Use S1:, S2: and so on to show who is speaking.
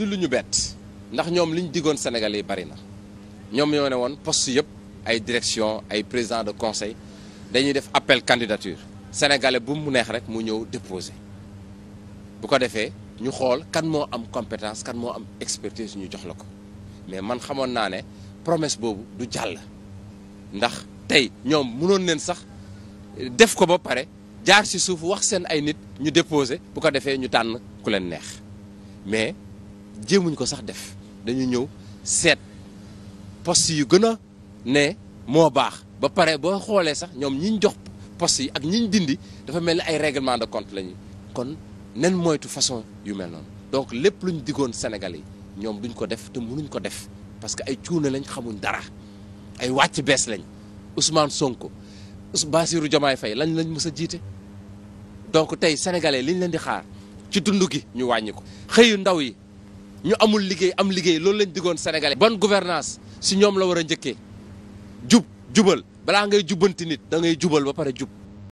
S1: du lu ñu bett ndax ñoom li ñu diggoon yi bari na ñoom ñoo ne woon post yëpp ay direction ay président de conseil dañuy def appel candidature Sénégalais bu mu neex rek mu ñëw déposer bu ko defee ñu xool kan moo am compétence kan moo am expertise ñu jox la ko mais man xamoon naa ne promesse boobu du jàll ndax tey ñoom mënoon leen sax def ko ba pare jaar si suuf wax seen ay nit ñu déposé bu ko defee ñu tànn ku leen neex mais jéemuñ ko sax def dañu ñëw seet poste yu gën a ne moo baax ba pare boo xoolee sax ñoom ñiñ jox poste yi ak ñiñ ñu dindi dafa mel ni ay règlement de compte lañu kon nen moytu façon yu mel noonu donc lépp lu ñu diggoon Sénégal yi ñoom duñ ko def te mënuñ ko def parce que ay cuune lañ xamuñ dara ay wàcc bees lañ sonk Ousmane Sonko Bassirou Diomaye fay lañ lañ mës a jiite donc tey sénégalais liñ leen di xaar ci dund gi ñu wàññi ko xëyu ndaw yi ñu amul liggéey am liggéey loolu lañ diggoon sénégalais. bonne gouvernance si ñoom la war a njëkkee jub jubal balaa ngay jubbanti nit da ngay jubal ba pare jub.